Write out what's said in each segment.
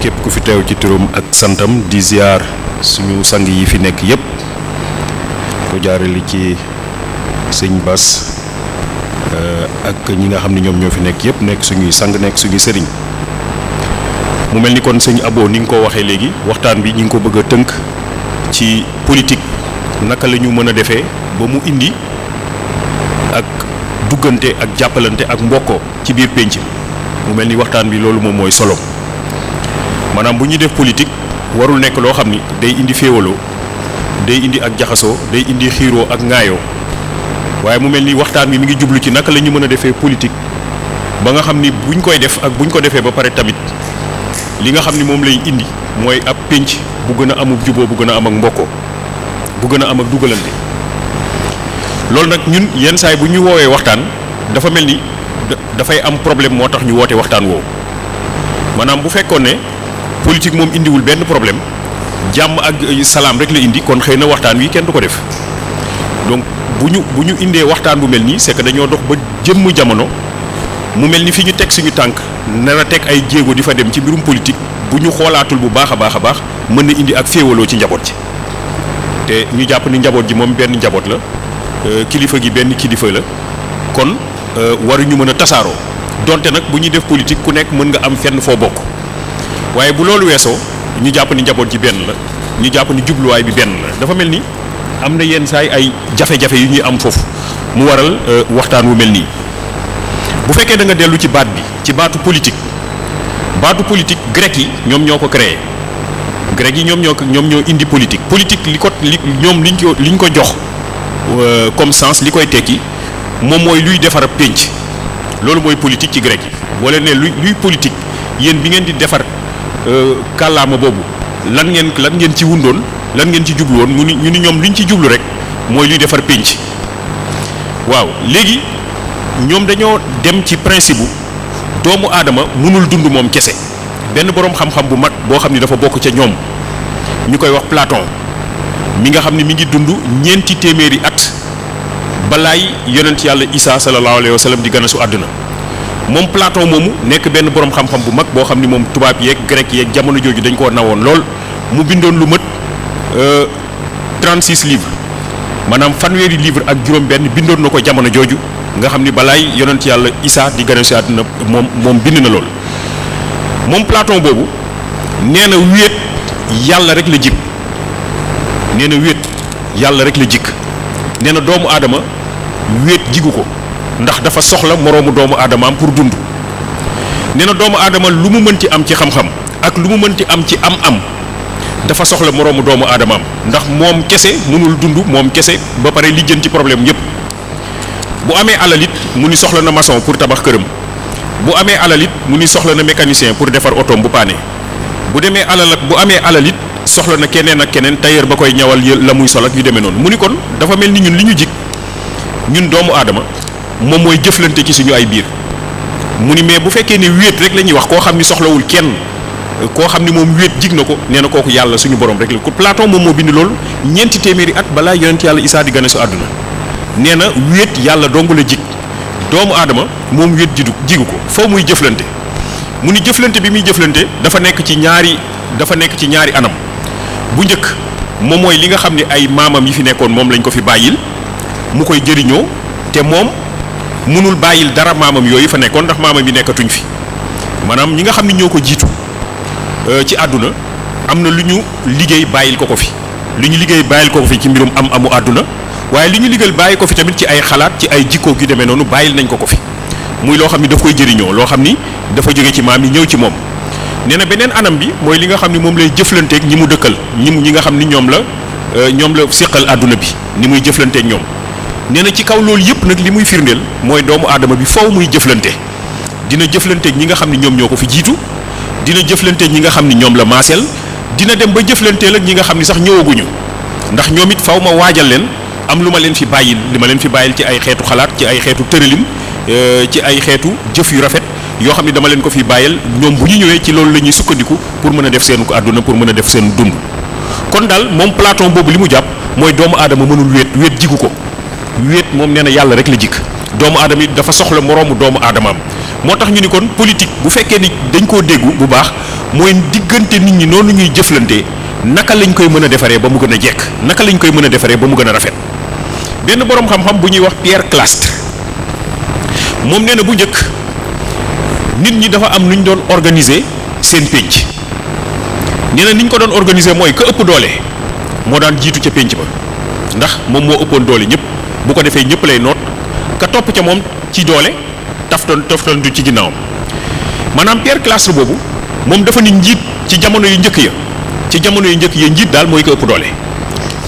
képp ku fi teew ci turum ak santam di ziar suñu sang yi fi nekk yépp ko jaarali ci sëñ bas euh, ak ñi nga xam ne ñoom ñoo fi nekk yépp sang nekk suñuy sëriñ mu mel kon sëñ abo ni nga ko waxee léegi waxtaan bi ñi ngi ko bëgg a tënk ci politique naka la ñu mën a defee ba mu indi ak duggante ak jàppalante ak mbokkoo ci biir penc mu mel ni waxtaan bi loolu moom mooy solo manam bu ñuy def politique warul nekk loo xam ni day indi féewaloo day indi ak jaxasoo day indi xiiroo ak ŋaayoo waaye mu mel ni waxtaan bi mi ngi jublu ci naka la ñu mën a defee politique ba nga xam ni buñ koy def ak buñ ko defee ba pare tamit li nga xam ni moom lay indi mooy ab pénc bu gën a amub juboo bu gën a am ak mbokkoo bu gën a am ak dugalante loolu nag ñun yenn saay bu ñu woowee waxtaan dafa mel ni dafay am problème moo tax ñu woote waxtaan woowu maanaam bu fekkoon ne politique moom indiwul benn problème jàmm ak salaam rek la indi kon xëy na waxtaan wi kenn du ko def donc bu ñu bu ñu indee waxtaan bu mel nii c'est dañoo dox ba jëmm jamono mu mel ni fi ñu teg suñu tànk nar teg ay jéego di fa dem ci mbirum politique bu ñu xoolaatul bu baax a baax a baax mën na indi ak féewaloo ci njaboot ji te ñu jàpp ni njaboot ji moom benn njaboot la euh, kilifa gi benn kilifa la kon euh, war ñu mën a tasaaroo donte nag bu ñuy def politique ku nekk mën nga am fenn foo bokk. waaye bu loolu weesoo ñu jàpp ni njaboot ji benn la ñu jàpp ni jubluwaay bi benn la dafa mel amna am na yenn ay jafe-jafe yu ñuy am foofu mu waral euh, waxtaan wu mel nii bu fekkee da nga dellu ci baat bi ci baatu politique baatu politique grec yi grec yi ñoo indi politique politique likot nyom linko linko liñ ko liñ ko jox euh, comme sens li koy tekki moom luy defar pench, loolu mooy politique ci grec yi wala luy politique bi ngeen di defar Euh, Kalama bobo, lan ngeen lan ngeen ci wundoon lan ngeen ci jublu woon mu ni ñu ni ñoom liñ ci rek luy waaw dañoo dem ci principe bu doomu aadama mënul dund moom kese Ben borom xam-xam bu mag boo xam ni dafa bokk ca ñoom ñu wax platon mi nga xam ni mi ngi dund ñeenti téeméeri at balaay yonent isa salallahu Alaihi Wasallam sallam di ganasu àdduna mom platon momu nek ben borom xam xam bu mag bo xamni mom tubab yek grec yek jamono joju dañ ko nawon lol mu bindon lu meut euh 36 livres manam fanweri livre ak juroom ben bindon nako jamono joju nga xamni balay yonent yalla isa di gëna ci aduna mom mom bind na lol mom platon bobu neena wet yalla rek la jik neena wet yalla rek la jik neena doomu adama wet jiguko ndax dafa soxla moroomu doomu aadamaam pour dund nee na doomu aadama lu mu mënti am ci xam-xam ak lu mu mënti am ci am-am dafa soxla moroomu doomu aadamaam ndax moom kese munul dund moom kese ba pare li jën ci problème yépp bu amee alalit mu ni soxla na maçon pour tabax këram bu amee alalit mu ni soxla na mécanicien pour defar otom bu paane bu demee alal bu amee alalit soxla na keneen ak keneen tailleur ba koy ñawal la muy sol ak yu demee noonu mu ni kon dafa mel ni ñun li ñu jik ñun doomu aadama Momo moy jëflante ci suñu ay biir mu ni mais bu fekkee ni wéet rek lañuy wax ko xamni ni soxlawul kenn ko xamni ni moom jignako néna koku yalla suñu borom rek ko platon mom mo bind lool ñent téeméeri at bala yonent yalla isa di gane su aduna néna yalla dongu la jig doomu adama mom wéet jidu jigu ko foo muy jëflante mu ni jëflante bi muy jëflante dafa nekk ci ñaari dafa nekk ci ñaari anam bu ñëk mom moy li nga xamni ay mamam yi fi nekkon mom lañ ko fi bayil mu koy jëriño te mom mënul bàyyil dara maamam yooyu fa nekkoon ndax maamam yi nekkatuñ fi maanaam ñi nga xam ni ñoo ko jiitu euh, ci àdduna am na lu ñu liggéey bàyyil ko ko fi lu ñu liggéey bàyyil ko ko fi ci mbirum am amu àdduna waaye lu ñu liggéey bàyyi ko fi tamit ci ay xalaat ci ay jikko gi demee noonu bàyyil nañ ko ko fi muy loo xam ni dafa koy jëriñoo loo xam ni dafa jóge ci maam yi ñëw ci moom nee na beneen anam bi mooy li nga xam ni moom lay jëflanteek ñi mu dëkkal ñi ñi nga xam ni ñoom la euh, ñoom la séqal àdduna bi ni muy jëflanteeg ñoom nee na ci kaw loolu yëpp nag li muy firndeel mooy doomu aadama bi faw muy jëflante dina jëflanteeg ñi nga xam ne ñoom ñoo ko fi jiitu dina jëflanteeg ñi nga xam ne ñoom la maaseel dina dem ba jëflanteel ak ñi nga xam ni sax ñëwaguñu ndax ñoom it faw ma waajal leen am lu ma leen fi bàyyil li ma leen fi bàyyil ci ay xeetu xalaat ci ay xeetu tëralim euh, ci ay xeetu jëf yu rafet yoo xam ne dama leen ko fi bàyyil ñoom bu ñu ñëwee ci loolu la ñuy sukkandiku pour mën a def ko àdduna pour mën a def seen dund kon daal moom Platon boobu li mu jàpp mooy doomu aadama mënul wéet wéet jigu ko wéet moom nee na yàlla rek la jikk doomu aadama yi dafa soxla moroomu doomu aadamaam moo tax ñu ni kon politique bu fekkee ni dañ koo déggu bu baax mooy diggante nit ñi noonu ñuy jëflante naka lañ koy mën a defaree ba mu gën a jekk naka lañ koy mën a defaree ba mu gën a rafet benn boroom xam bu ñuy wax Pierre Clastre moom nee na bu njëkk nit ñi dafa am nu ñu doon organiser seen pénc nee na ni ñu ko doon organiser mooy ka ëpp doole moo daan jiitu ca pénc ba ndax moom moo ëppoon doole ñëpp. bu ko defee ñëpp lay noot ka topp ca moom ci doole taftal taftal du ci ginnaawam maanaam Pierre Clastre boobu moom dafa ni njiit ci jamono yu njëkk ya ci jamono yu njëkk ya njiit daal mooy ko ëpp doole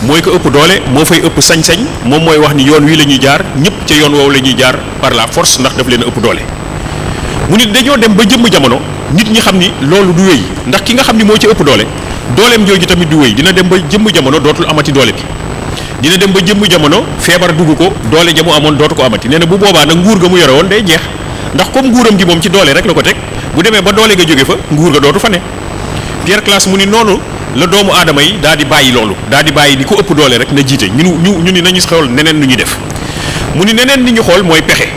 mooy ko ëpp doole moo fay ëpp sañ-sañ moom mooy wax ni yoon wii la ñuy jaar ñëpp ca yoon woowu la ñuy jaar par la force ndax daf leen ëpp doole mu nit dañoo dem ba jëmm jamono nit ñi xam ni loolu du wéy ndax ki nga xam ni moo ci ëpp doole dooleem jooju tamit du wéy dina dem ba jëmm jamono dootul amati doole dina dem ba jëmm jamono feebar dugg ko doole ja mu amoon dootu ko amati nee na bu boobaa nag nguur ga mu yore woon day jeex ndax comme nguuram gi moom ci doole rek la ko teg bu demee ba doole ga jóge fa nguur ga dootu fa ne Pierre Classe mu ni noonu la doomu aadama yi daal di bàyyi loolu daal di bàyyi ni ko ëpp doole rek na jiite ñun ñu ñu ni nañu xool neneen nu ñuy def mu ni neneen ni ñu xool mooy pexe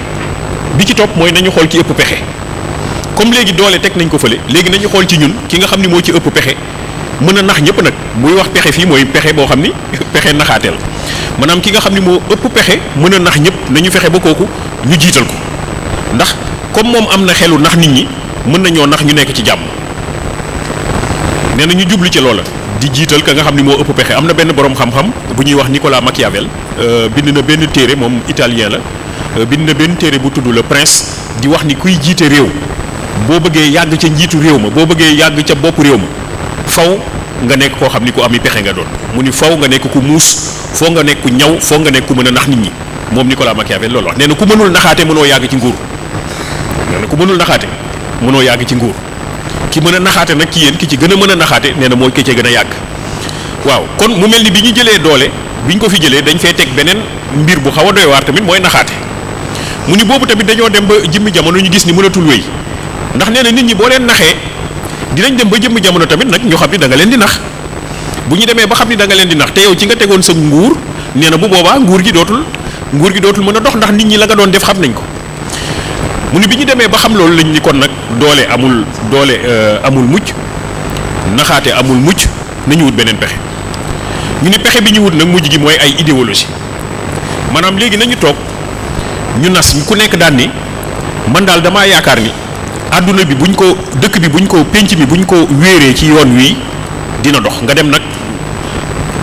bi ci topp mooy nañu xool ci ëpp pexe comme léegi doole teg nañ ko fële léegi nañu xool ci ñun ki nga xam ni moo ci ëpp pexe mën a nax ñëpp nag muy wax pexe fii mooy pexe boo xam ni pexe naxaateel maanaam ki nga xam ni moo ëpp pexe mën a nax ñëpp nañu fexe ba kooku ñu jiital ko ndax comme moom am na xelu nax nit ñi mën nañoo nax ñu nekk ci jàmm nee na ñu jublu ci loola di jiital ka nga xam ni moo ëpp pexe am na benn borom xam-xam bu ñuy wax Nicolas Machiavel euh, bind na benn téere moom italien la euh, bind na benn téere bu tudd Le Prince di wax ni kuy jiite réew boo bëggee yàgg ca njiitu réew ma boo bëggee yàgg ca bopp réew ma faw nga nekk koo xam ni ku ami pexe nga doon mu ni faw nga nekk ku muus foo nga nekk ñaw foo nga nekk ku mën a nax nit ñi moom Nicolas Machiavel loolu wax nee na ku mënul naxaate mënoo yàgg ci nguur nee na ku mënul naxaate mënoo yàgg ci nguur ki mën a naxaate nag ci yéen ki ci gën a mën a naxaate nee na mooy ki ci gën a yàgg waaw kon mu mel ni bi ñu jëlee doole bi ñu ko fi jëlee dañ fee teg beneen mbir bu xaw a doy tamit mooy naxaate mu ni boobu tamit dañoo dem ba jëmmi jamono ñu gis ni mënatul wéy ndax nee nit ñi boo leen naxee dinañ dem ba jëmmi jamono tamit nag ñu xam ni da nga leen di nax bu ñu demee ba xam ni danga leen di nax te yow ci nga tegoon sa nguur nee na bu boobaa nguur gi dootul nguur gi dootul mën a dox ndax nit ñi la nga doon def xam nañ ko mu ni bi ñu demee ba xam loolu lañ ni kon nag doole amul doole euh, amul mucc naxaate amul mucc nañu wut beneen pexe ñu ni pexe bi ñu wut nag mujj gi mooy ay idéologie maanaam léegi nañu toog ñu nas ku nekk daan ni man daal damaa yaakaar ni àdduna bi buñ ko dëkk bi buñ ko pénc mi bu ñu ko wéeree ci yoon wi dina dox nga dem nag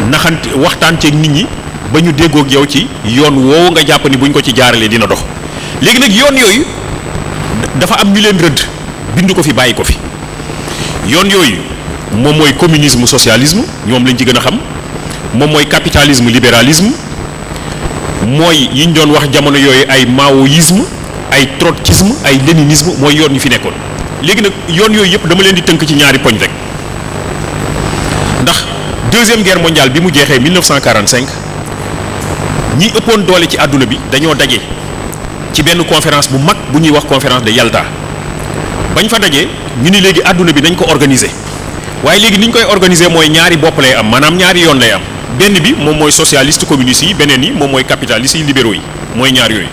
naxante waxtaan ceeg nit ñi ba ñu déggook yow ci yoon woowu nga jàpp ni buñ ko ci jaaralee dina dox léegi nag yoon yooyu dafa am ñu leen rëdd bind ko fi bàyyi ko fi yoon yooyu moom mooy communisme socialisme ñoom lañ ci gën a xam moom mooy capitalisme libéralisme mooy yi ñu doon wax jamono yooyu ay maoïsme ay trotskisme ay léninisme mooy yoon yu fi nekkoon léegi nag yoon yooyu yëpp dama leen di tënk ci ñaari poñ rek ndax deuxième guerre mondiale bi mu jeexee 1945 ñi ëppoon doole ci àdduna bi dañoo daje ci benn conférence bu mag bu ñuy wax conférence de Yalta bañ fa dajee ñu ni léegi àdduna bi nañ ko organiser waaye léegi ni ñu koy organiser mooy ñaari bopp lay am maanaam ñaari yoon lay am benn bi moom mooy socialiste communiste yi beneen yi moom mooy capitaliste yi libéraux yi mooy ñaar yooyu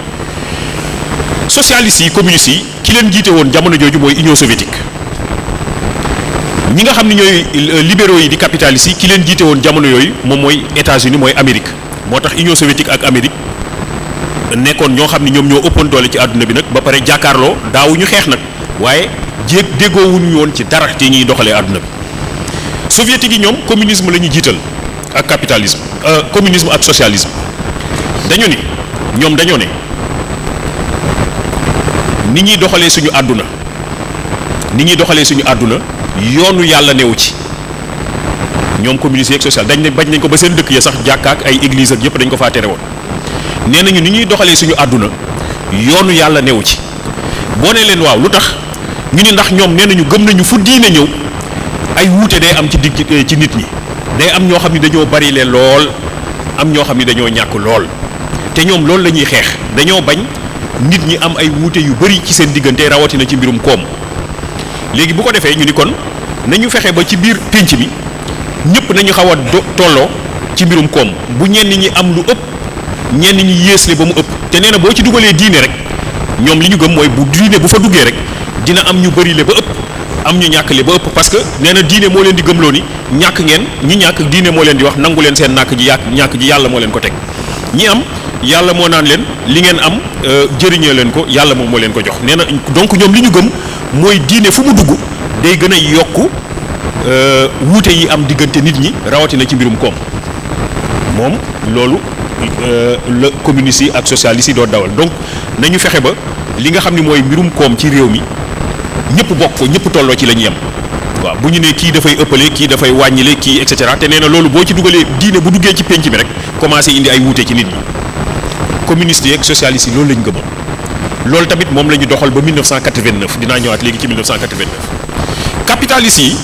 socialiste yi communiste yi ki leen jiite woon jamono jooju mooy Union soviétique ñi nga xamni ñoy euh, libéraux yi di capitaliste ki leen jité won jamono yoy moom moy états-unis moy amérique motax union soviétique ak amérique nekkon ño xamni ñom ño ñoo ëppoon doole ci aduna bi nak ba pare jàkkaarloo daawuñu xeex nag waaye jéeg déggoowuñu won ci dara ci ñi doxalé aduna bi soviétique ñom communisme lañu jital ak capitalisme euh, communisme ak socialisme dañu ni ñom dañu ne ni ñi doxalé suñu aduna ni ñi doxalé suñu aduna yoonu yàlla newu ci ñoom communiste yeeg social dañ ne bañ nañ ko ba seen dëkk ya sax jàkka ak ay église ak yëpp dañ ko faa tere woon nee nañu ni ñuy doxalee suñu àdduna yoonu yàlla newu ci boo ne leen waaw lu tax ñu ni ndax ñoom nee nañu gëm nañu fu diine ñëw ay wuute day am ci digg eh, ci nit ñi day am ñoo xam ni dañoo bari leen lool am ñoo xam ni dañoo ñàkk lool te ñoom loolu lañuy xeex dañoo bañ nit ñi am ay wuute yu bari ci seen diggante rawatina ci mbirum koom. léegi bu ko defee ñu ni kon nañu fexe ba ci biir pénc bi ñëpp nañu xaw a tolloo ci mbirum koom bu ñenn ñi am lu ëpp ñenn ñi yées le ba mu ëpp te nee boo ci dugalee diine rek ñoom li ñu gëm mooy bu diine bu fa duggee rek dina am ñu bëri le ba ëpp am ñu ñàkk le ba ëpp parce que nee na diine moo leen di gëm loo ni ñàkk ngeen ñi ñàkk diine moo leen di wax nangu leen seen nàkk ji yàq ñàkk ji yàlla moo leen ko teg ñi am yàlla moo naan leen li ngeen am euh, jëriñee leen ko yàlla moom moo leen ko jox nee na donc ñoom li ñu gëm mooy diine fu mu dugg day gën a yokk euh, wuute yi am diggante nit ñi rawatina ci mbirum koom moom loolu euh, la communiste yi ak socialiste yi doo dawal donc nañu fexe ba li nga xam ni mooy mbirum koom ci réew mi ñëpp bokk ko ñëpp tolloo ci la ñuy yem waaw bu ñu nee kii dafay ëppale kii dafay wàññile kii et cetera te nee na loolu boo ci dugalee diine bu duggee ci penc mi rek commencé indi ay wuute ci nit ñi communiste yeeg socialiste yi loolu lañ gëmoon loolu tamit moom la ñu doxal ba 1989 dinaa ñëwaat léegi ci 1989 capitalistes yi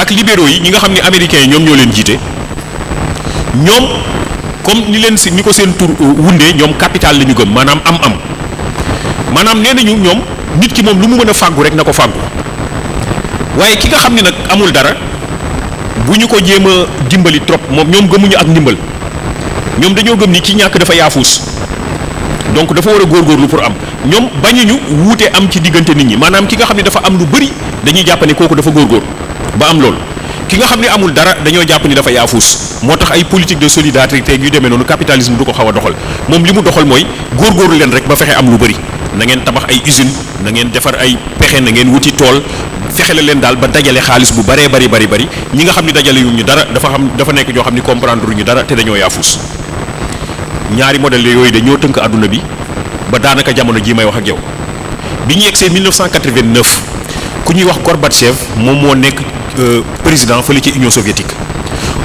ak libéro yi ñi nga xam ne américains yi ñoom ñoo leen jiite ñoom comme ni leen si ni ko seen tur euh, wundee ñoom capital la ñu gëm maanaam am-am maanaam nee nañu ñoom nit ki moom lu mu mën a fàggu rek na ko fàggu waaye ki nga xam ne nag amul dara bu ñu ko jéem a dimbali trop moom ñoom gëmuñu ak ndimbal ñoom dañoo gëm ni ki ñàkk dafa yaafuus donc dafa war a góor góorgóorlu pour am ñoom bañuñu wute am ci diggante nit ñi maanaam ki nga xam ne dafa am lu bëri dañuy jàpp kooku dafa góor góor ba am loolu ki nga xam ne amul dara dañoo jàpp ni dafa yaafuus moo tax ay politique de solidarité yu demee noonu capitalisme du ko xaw doxal moom li mu doxal mooy góorgóorlu leen rek ba fexe am lu bëri na ngeen tabax ay usine na defar ay pexe na ngeen wuti tool fexe la leen daal ba dajale xaalis bu baree bari bari bari ñi nga xam ne dajale yu dara dafa xam dafa nekk ñoo xam ne comprendre ñu dara te dañoo ñaari modèle yooyu de ñoo tënk àdduna bi ba daanaka jamono jii may wax ak yow bi ñu yegsee 1989 ku ñuy wax Gorbatchev moom moo nekk euh, président fële ci Union soviétique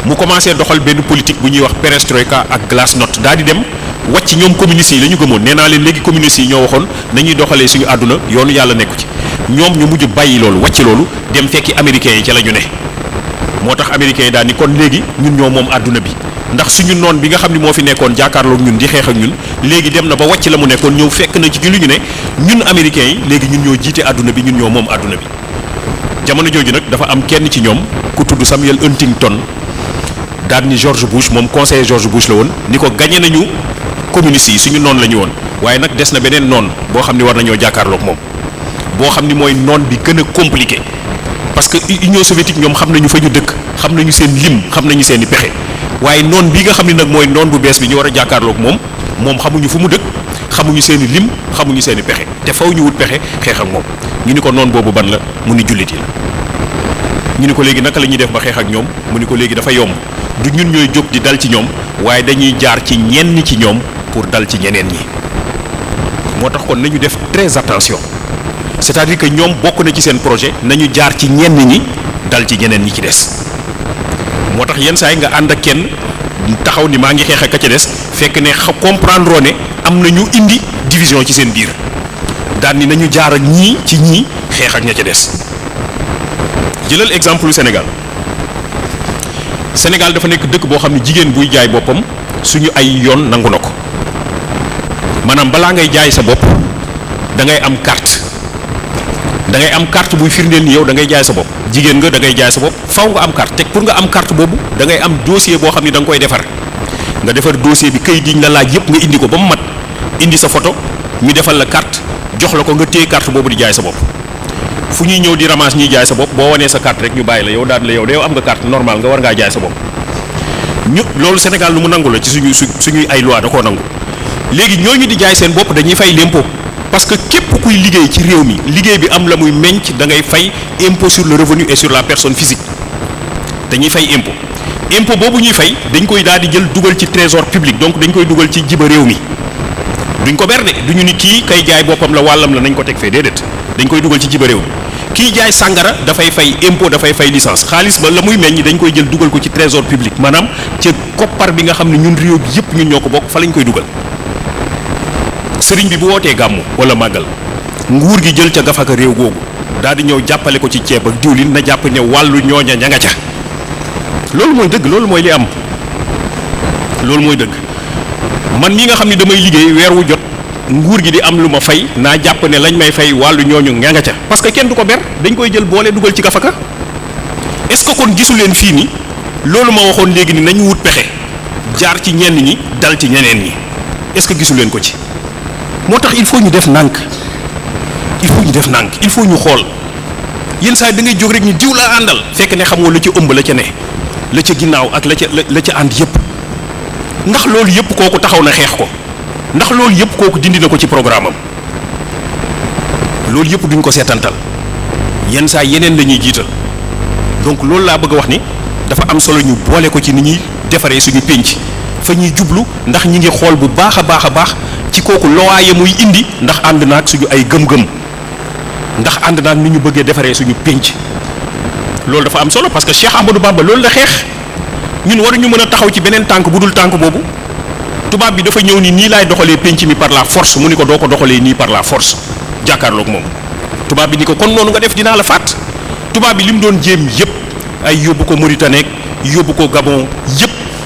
mu commencé doxal benn politique bu ñuy wax perestroïka ak glasnost daal di dem wàcc ñoom communistes yi la ñu gëmoon nee naa leen léegi communistes yi ñoo waxoon nañuy doxalee suñu àdduna yoonu yàlla nekku ci ñoom ñu mujj bàyyi loolu wàcc loolu dem fekki américains yi ca la ne moo tax américains yi daal ni kon léegi ñun ñoo moom àdduna bi ndax suñu noon bi nga xam ni moo fi nekkoon jàkkaarloog ñun di xeex ñun léegi dem na ba wàcc la mu nekkoon ñëw fekk na ci li ñu ne ñun américains yi léegi ñun ñoo jiite àdduna bi ñun ñoo moom àdduna bi jamono jooju nag dafa am kenn ci ñoom ku tudd Samuel Huntington daal ni George Bush moom conseiller George Bush la woon ni ko gañe nañu communiste yi suñu noon la ñu woon waaye nag des na beneen noon boo xam ni war nañoo jàkkaarloog moom boo xam ni mooy bi gën a compliqué parce que Union soviétique ñoom xam nañu fa ñu dëkk xam nañu seen lim xam nañu seen i pexe waaye noon bii nga xam ne nag mooy noon bu bees bi ñu war a jàkkaarloog moom moom xamuñu fu mu dëkk xamuñu seeni lim xamuñu seen i pexe te faw ñu wut pexe xeex ak moom ñu ni ko noon boobu ban la mu ni jullit yi la ñu ni ko léegi naka lañuy ñuy def ba xeex ak ñoom mu ni ko léegi dafa yomb du ñun ñooy jóg di dal ci ñoom waaye dañuy jaar ci ñenn ci ñoom pour dal ci ñeneen ñi moo tax kon nañu def très attention c'est-à-dire que ñoom bokk na ci seen projet nañu jaar ci ñenn ñi dal ci ñeneen ñi ci des motax yeen say nga and ak kenn taxaw ni ma ngi xeex ak ca dess fekk ne comprendre ne am na ñu indi division ci seen biir dal ni nañu jaar ak ñi ci ñi xex ak ña ca dess jëlal exemple Sénégal Sénégal dafa nek dëkk bo xamni jigen jaay bopam suñu ay yoon nangu ngay jaay sa bop da ngay am carte dangay am carte buy firndeel ni yow da ngay jaay sa bopp jigéen nga da ngay jaay sa bopp faw nga am carte te pour nga am carte boobu da ngay am dossier boo xam ni da koy defar nga defar dossier bi kayit yi ñu la laaj yëpp nga indi ko ba mu mat indi sa photo ñu defal la carte jox la ko nga téye carte boobu di jaay sa bopp fu ñuy ñëw di ramas ñuy jaay sa bopp boo wanee sa carte rek ñu bàyyi la yow daan la yow da yow am nga carte normale nga war ngaa jaay sa bopp ñu loolu Sénégal lu mu nangu la ci suñu suñuy ay loi da koo nangu léegi ñooñu di jaay seen bopp dañuy fay l'impôt parce que képp kuy liggéey ci réew mi liggéey bi am la muy meñc da ngay fay impôt sur le revenu et sur la personne physique dañuy fay impôt impôt boobu ñuy fay dañ koy daal di jël dugal ci trésor public donc dañ koy dugal ci jiba réew mi duñ ko berde duñu ni kii kay jaay boppam la wàllam la nañ ko teg fee déedéet dañ koy dugal ci jiba réew kii jaay sàngara dafay fay impôt dafay fay licence xaalis ba la muy meññ dañ koy jël dugal ko ci trésor public maanaam ci koppar bi nga xam ne ñun réew bi yëpp ñun ñoo ko bokk fa lañ koy dugal sëriñ bi bu wootee gàmmu wala màggal nguur gi jël ca gafaka réew googu daal di ñëw jàppale ko ci ceeb ak diwlin na jàpp ne wàllu ñooña ña nga ca loolu mooy dëgg loolu mooy li am loolu mooy dëgg man mii nga xam ne damay liggéey weer wu jot nguur gi di am lu ma fay naa jàpp ne lañ may fay wàllu ñooñu ña nga ca parce que kenn du ko ber dañ koy jël boole dugal ci gafaka est-ce que kon gisu leen fii ni loolu ma waxoon léegi ni nañu wut pexe jaar ci ñenn ñi dal ci ñeneen ñi est-ce que gisu leen ko ci. moo tax il faut ñu def nànk il faut ñu def nànk il faut ñu xool yenn saa yi da ngay jóg rek ñu diw laa àndal fekk ne xamoo la ca ëmb la ca ne la ca ginnaaw ak la ca la ca ànd yépp ndax loolu yépp kooku taxaw na xeex ko ndax loolu yépp kooku dindi na ko ci programme am loolu yépp duñ ko seetantal yenn saa yeneen la ñuy jiital donc loolu laa bëgg a wax ni dafa am solo ñu boole ko ci ni ñuy defaree suñu pénc fa ñuy jublu ndax ñi ngi xool bu baax a baax a baax ci kooku loaaye ya muy indi ndax ànd naag suñu ay gëm-gëm ndax ànd naag ni ñu bëggee defaree suñu pénc loolu dafa am solo parce que cheikh amadou bamba loolu la xeex ñun waruñu mën a taxaw ci beneen tànk budul tànk boobu tubaab bi dafa ñëw ni nii laay doxalee penc mi par la force mu ni ko doko ko doxalee nii par la force jàkkaarloog moom tubaab bi ni ko kon noonu nga def dinaa la fàtt tubaab bi lim doon jéem yépp ay yóbbu ko mauritanie yóbbu ko gabon yépp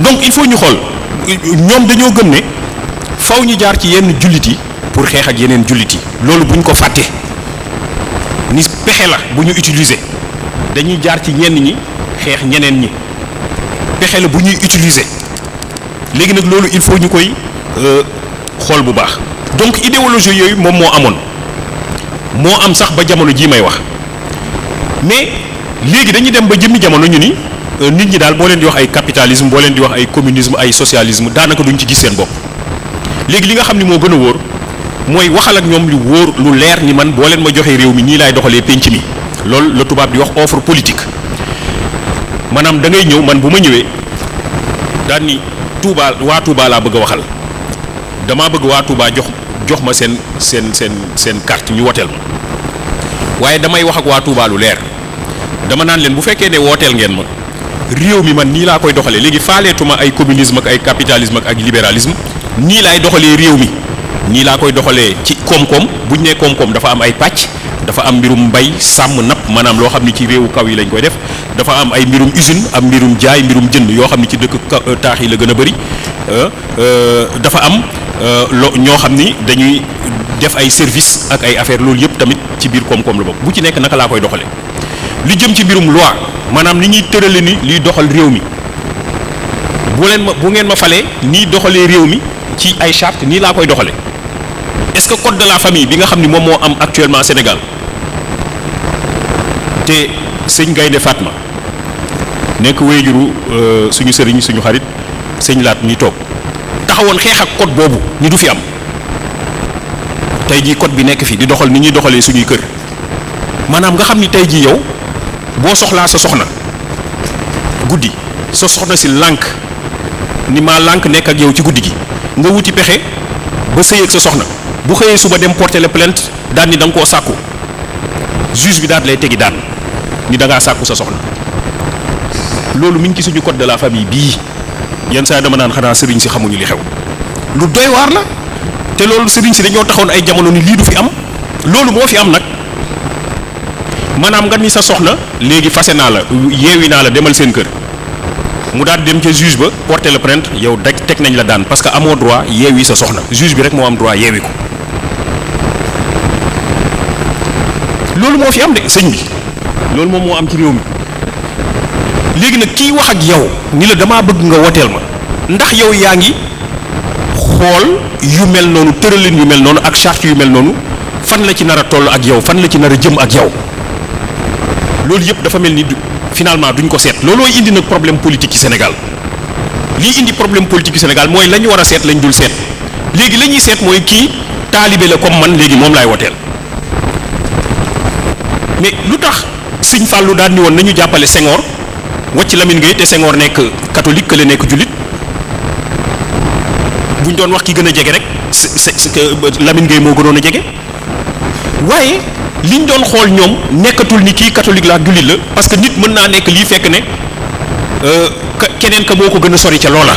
donc il faut ñu xol ñom dañu gëm ne faw ñu jaar ci yenn jullit yi pour xex ak yenen jullit yi loolu bu ko faté ni pexe la bu utiliser dañuy jaar ci ñenn ñi xex ñenen ñi pexe la bu utiliser légui nak lolu il faut ñukoy euh xol bu baax donc idéologie yooyu mom mo amone mo am sax ba jamono ji may wax mais légui dañuy dem ba jëmi jamono ñu ni Euh, nit ñi daal boo leen di wax ay capitalisme boo leen di wax ay communisme ay socialisme daanaka duñ ci gis seen bopp léegi li nga xam ni moo gën a wóor mooy waxal ak ñoom lu wóor lu leer ni man boo leen ma joxee réew mi ñii laay doxalee penc mi loolu la tubaab di wax offre politique maanaam dangay ñëw man bu ma ñëwee daan tuubaa waa Touba laa bëgg a waxal damaa bëgg waa Touba jox jox ma seen seen seen seen carte ñu wooteel ma waaye damay wax ak waa Touba lu leer dama naan leen bu fekkee ne wooteel ngeen ma. réew mi man nii laa koy doxalee léegi faaleetuma ay communisme ak ay capitalisme ak ak libéralisme nii laay doxalee réew mi nii laa koy doxalee ci koom-koom bu ñu ne koom-koom dafa am ay pàcc dafa am mbirum mbay sàmm napp maanaam loo xam ni ci réewu kaw yi lañ koy def dafa am ay mbirum usine am mbirum jaay mbirum jënd yoo xam ni ci dëkk euh, taax yi la gën a bëri euh, euh, dafa am lo ñoo xam ni dañuy def ay service ak ay affaire loolu yëpp tamit ci biir koom-koom la bokk bu ci nekk naka laa koy doxalee. li jëm ci mbirum loi maanaam ni ñuy tërale ni liy doxal réew mi bu leen ma bu ngeen ma falee nii doxalee réew mi ci ay charte nii laa koy doxale est-ce que code de la famille bi nga xam ni moom moo am actuellement Sénégal te sëñ Gaynde Fatma nekk wéyjuru euh, suñu sëriñ suñu xarit sëñ laat mi toog taxawoon xeex ak code boobu ni du fi am tey jii code bi nekk fi di doxal ni ñuy doxalee suñuy kër maanaam nga xam ni tey jii yow boo soxlaa sa soxna guddi sa soxna si lànk ni maa lànk nekk ak yow ci guddi gi nga wuti pexe ba sëy ak sa soxna bu xëyee suba dem porter la plainte daan ni danga nga koo sàkku bi daal lay tegi daan ni da sàkku sa soxna loolu mi ngi ci suñu code de la famille bii yenn saa dama naan xanaa sëriñ si xamuñu li xew lu doy waar la te loolu sëriñ si dañoo taxoon ay jamono ni lii du fi am loolu moo fi am nag. maanaam nga ni sa soxna léegi fase naa la yeewi naa la demal seen kër mu daal dem ca juge ba porter la plainte yow daj teg nañ la daan parce que amoo droit yeewi sa soxna juge bi rek moo am droit yeewi ko loolu moo fi am de sëñ bi loolu moom moo am ci réew mi léegi nag kiy wax ak yow ni la damaa bëgg nga woteel ma ndax yow yaa ngi xool yu mel noonu tëralin yu mel noonu ak charte yu mel noonu fan la ci nar toll ak yow fan la ci nar a jëm ak yow. loolu yëpp dafa mel ni du finalement duñ ko seet looloo indi nag problème politique ci Sénégal lii indi problème politique ci Sénégal mooy la ñu war a seet lañ dul seet léegi la ñuy seet mooy kii taalibe la comme man léegi moom laay woteel mais lu tax sëñ fàllu daan ni woon nañu jàppale Senghor wàcc Lamine Gueye te Senghor nekk catholique kële nekk jullit buñ doon wax ki gën a jege rek Lamine Gueye moo gënoon a jege waaye. liñ doon xool ñoom nekkatul ni kii catholique la ak jullit la parce que nit mën naa nekk lii fekk ne euh, keneen ka moo ko gën a sori ca loola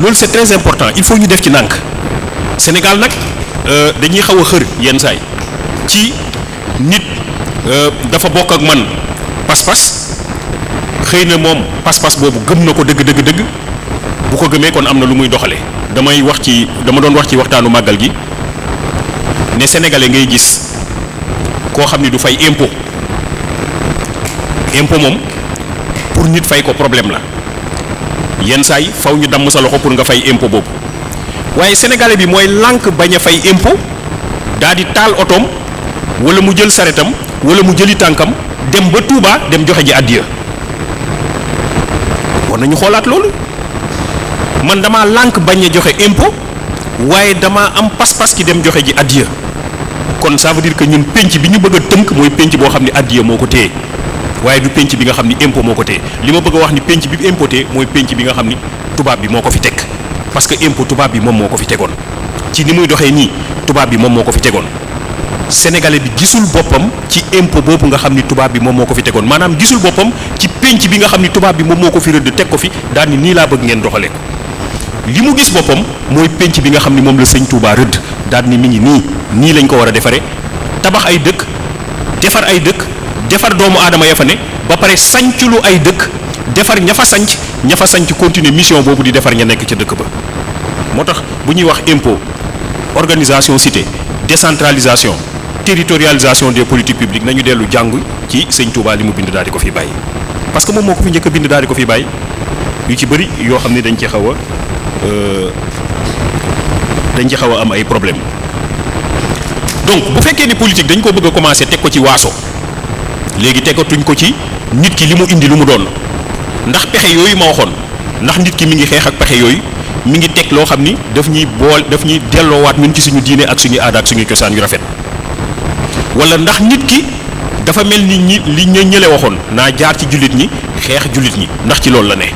loolu c'est très important il faut ñu def ci nànk Sénégal nag euh, dañuy xaw a xër yenn saay ci nit euh, dafa bokk ak man pas-pas xëy na moom pas-pas boobu gëm na ko dëgg dëgg dëgg bu ko gëmee kon am na lu muy doxale damay wax ci dama doon wax ci waxtaanu màggal gi ne sénégalais ngay gis ko xamni du fay impôt impôt mom pour nit fay ko problème la yeen say faw ñu dam sa loxo pour nga fay impôt boobu waye sénégalais bi moy lank baña fay impôt daa di taal wala mu jël saretam wala mu jëli tankam dem ba Touba dem joxe ji addiya war nañu xolaat lolu man dama lank baña joxe impôt waye dama am pas-pas ki dem joxe ji kon ça veut que ñun penc bi ñu bëgg a tënk mooy penc boo xam ne addiya moo ko téye waaye du penc bi nga xam ni impôt moo ko téye li ma bëgg a wax ni penc bi impôt téye mooy penc bi nga xam ni tubaab bi moo ko fi teg parce que impôt tubaab bi moom moo ko fi tegoon ci ni muy doxee nii tubaab bi moom moo ko fi tegoon sénégalais bi gisul boppam ci impôt boobu nga xam ni tubaab bi moom moo ko fi tegoon maanaam gisul boppam ci penc bi nga xam ni tubaab bi moom moo ko fi rëdd teg ko fi daal ni nii laa bëgg ngeen doxalee li mu gis boppam mooy penc bi nga xam ni moom la sëñ Touba rëdd daal ni mi ñi nii nii lañ ko war a defaree tabax ay dëkk defar ay dëkk defar doomu aadama ya fa ne ba pare sanc lu ay dëkk defar ña fa sanc ña fa sanc continuer mission boobu di defar ña nekk ca dëkk ba moo tax bu ñuy wax impôt organisation cité décentralisation teritorialisation des politiques publiques nañu dellu jàngu ci sëñ Touba li mu bind daal di ko fi bàyyi parce que moom moo ko fi njëkk a bind daal di ko fi bàyyi yu ci bëri yoo xam ne dañ ci xaw euh, dañ ci xaw a am ay problème donc bu fekkee ni politique dañ ko bëgg a commencer teg ko ci waaso léegi tegatuñ ko ci nit ki li mu indi lu mu doon ndax pexe yooyu ma waxoon ndax nit ki mi ngi xeex ak pexe yooyu mi ngi teg loo xam ni daf ñuy bool daf ñuy delloowaat ñun ci suñu diine ak suñu aada ak suñu cosaan yu rafet wala ndax nit ki dafa mel ni ñi li ñu ñële waxoon naa jaar ci jullit ñi xeex jullit ñi ndax ci loolu la ne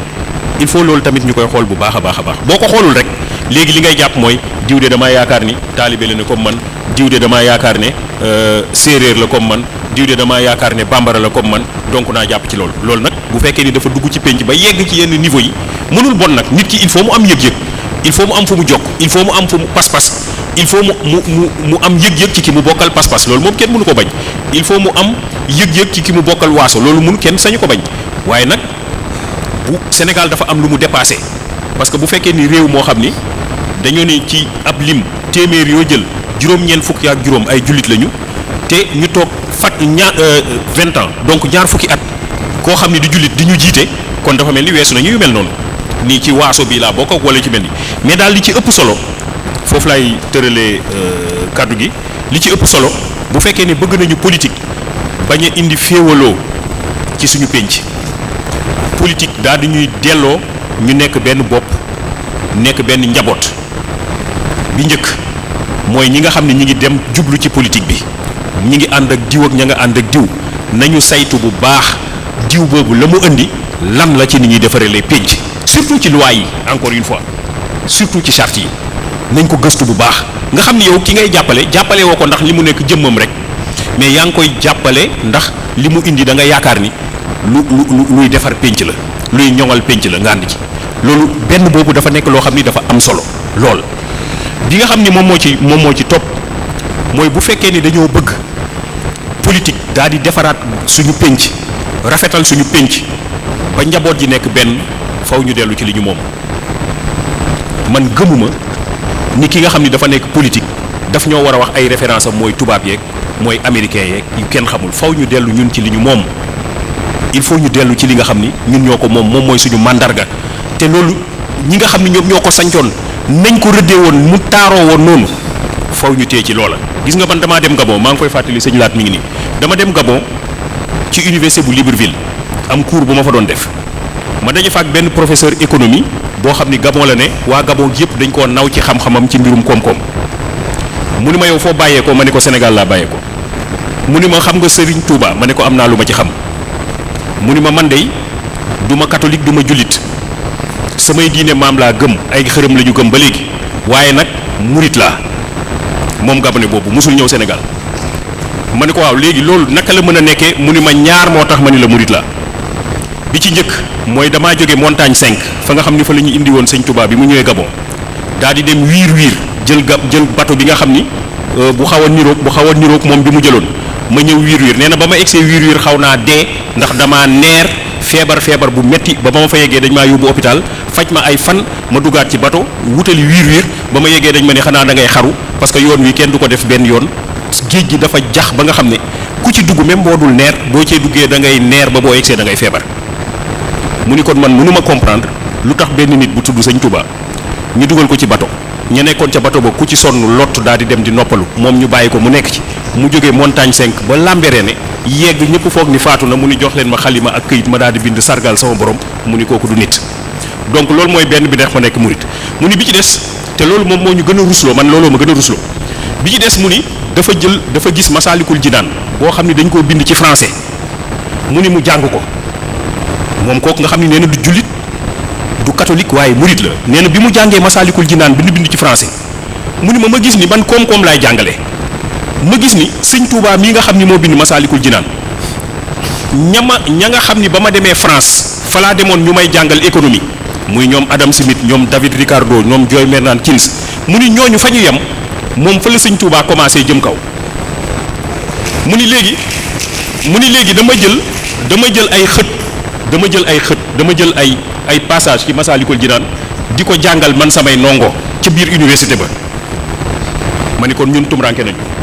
il faut loolu tamit ñu koy xool bu baax a baax baax boo ko xoolul rek. léegi li ngay jàpp mooy diw de damaa yaakaar ni taalibe la ne comme man diw de damaa yaakaar ne euh, séeréer la comme man diw de damaa yaakaar ne bambara la comme man donc naa jàpp ci lool loolu nag bu fekkee ni dafa dugg ci penc ba yegg ci yenn niveau yi mënul bon nag nit ki il faut mu am yëg-yëg il faut mu am fu mu jokk il faut mu am fu mu pas-pas il faut mu mu mu mu am yëg-yëg ci ki mu bokkal pas-pas loolu moom kenn mënu ko bañ il faut mu am yëg-yëg ci ki mu bokkal waaso loolu mun kenn sañu ko bañ waaye nag Sénégal dafa am lu mu dépassé parce que bu fekkee ni réew moo xam ni dañoo ne ci ab lim téeméer yoo jël juróom-ñeent fukki ak juróom ay jullit lañu te ñu toog fat ñaar euh, vingt ans donc ñaar fukki at koo xam ne di jullit di ñu jiite kon dafa mel ni weesu nañu yu mel noonu nii ci waaso bii laa bokk wala ci mel ni mais daal li ci ëpp solo foofu laay tëralee euh, kàddu gi li ci ëpp solo bu fekkee ne bëgg nañu politique bañ a indi féewaloo ci suñu pénc politique daal di ñuy delloo ñu nekk benn bopp nekk benn njaboot. bi njëkk mooy ñi nga xamni ñi ngi dem jublu ci politique bi ñi ngi and ak diw ak ña nga ànd ak diw nañu saytu bu baax diw bobu lamu andi indi lan la ci ñi ñuy les pinch surtout ci loi yi encore une fois surtout ci charte yi nañ ko gëstu bu baax nga xamni yow ki ngay jappalé jappalé woko ndax limu mu nekk jëmmam rek mais yang koy jappalé ndax limu indi da nga yaakar ni lu lu luy defar la luy ñongal pinch la nga ànd ci benn bobu dafa nekk lo xamni dafa am solo lol bi nga xam ni moom moo ci moom moo ci topp politik bu fekkee ni dañoo bëgg politique daal di defaraat suñu penc rafetal suñu penc ba njaboot ji nekk faw ñu ci man gëmuma ni ki nga xam ni dafa nekk politique daf ñoo war wax ay référence am mooy tubaab yeeg mooy américain yeeg yu kenn xamul faw ñu dellu ñun ci il faut ñu dellu ci li nga xam ni ñun ñoo ko moom moom suñu mandarga te loolu ñi nga ni ñoom ñoo nañ ko rëddee woon mu taaroo woon noonu faw ñu téye ci loola gis nga man damaa dem Gabon maa ngi koy fàttali sëñ Laat mu ngi nii dama dem Gabon ci université bu Libreville am cours bu ma fa doon def ma daje fa ak benn professeur économie boo xam ni Gabon la ne waa Gabon yëpp dañ koo naw ci xam-xamam ci mbirum koom-koom mu ni ma yow foo bàyyee ma ne ko Sénégal laa bàyyee mu ni ma xam nga Serigne Touba ma ne ko am naa lu ma ci xam mu ni ma man dey du ma catholique ma jullit samay diine maam laa gëm ay xërëm lañu ñu gëm ba léegi waaye nag murit laa moom ne boobu mosul ñëw senegal ma ne ko waaw léegi loolu naka la mën a nekkee mu ni ma ñaar moo tax ma ni la murit laa bi ci njëkk mooy damaa jóge montagne 5 fa nga xam ni fa la ñu indi woon sañ tubaab bi mu ñëwee Gabon daal di dem wiir wiir jël gab jël bato bi nga xam ni euh, bu xaw a niroog bu xaw a niroog moom bi mu jëloon ma ñëw wiir wiir nee na ba ma egsee wiir wiir xaw naa dee ndax damaa neer febar febar bu metti ba bama fa yegge dañ ma yóbbu hôpital fajj ma ay fan ma dugaat ci bato wutali wir wir bama yegge dañ ma ne xana da ngay xaru parce que yoon wi kenn duko def ben yoon geej gi dafa jax ba nga xamne ku ci dugg même boo dul neer bo ci duggee da ngay neer ba bo exé da ngay febar muni kon man munuma comprendre lutax ben nit bu tuddu sëñ touba ñi duggal ko ci bato ñene kon ci bato ba ku ci sonu lot daal di dem di noppalu mom ñu bayiko mu nekk ci mu jóge montagne 5 ba lambérene yegg ñëpp foog ni faatu na mu ni jox leen ma xalima ak ma daal di bind sargal sama borom mu ni du nit donc loolu mooy benn bi dex ma nekk murit mu ni bi ci des te loolu moom moo ñu gën a man looloo ma gën ruslo bi ci des mu ni dafa jël dafa gis masalikul jinaan boo xam ni dañ koo bind ci français mu ni mu jàng ko nga ni du julit du catholique waaye murit la nee na bi mu jàngee masalikul jinaan bind bind ci français mu ni ma ma gis ni man koom ma gis ni sëñ Touba mii nga xam ni moo bind Masaalikul Jinaan ña ma ña nga xam ni ba ma demee France falaa demoon ñu may jàngal économie muy ñoom Adam Smith ñoom David Ricardo ñoom Joy Mernan Keynes mu ni ñooñu fa ñu yem moom fa la sëñ Touba commencé jëm kaw mu ni léegi mu ni léegi dama jël dama jël ay xët dama jël ay xët dama jël ay ay passage ci Masaalikul Jinaan di ko jàngal man samay ndongo ca biir université ba ma ne kon ñun tumranke nañu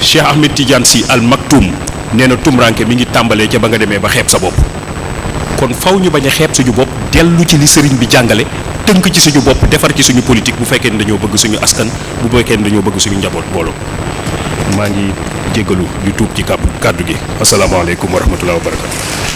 Cheikh Ahmed Tidiane si al Maktoum nee na tumranke mi ngi tàmbalee ca ba nga demee ba xeeb sa bopp kon faw ñu bañ a xeeb suñu bopp dellu ci li sëriñ bi jàngale tënk ci suñu bopp defar ci suñu politique bu fekkee ne dañoo bëgg suñu askan bu fekkee ne dañoo bëgg suñu njaboot mbooloo maa ngi jéggalu di tuub ci kàddu gi asalaamaaleykum wa rahmatulah wa barakatu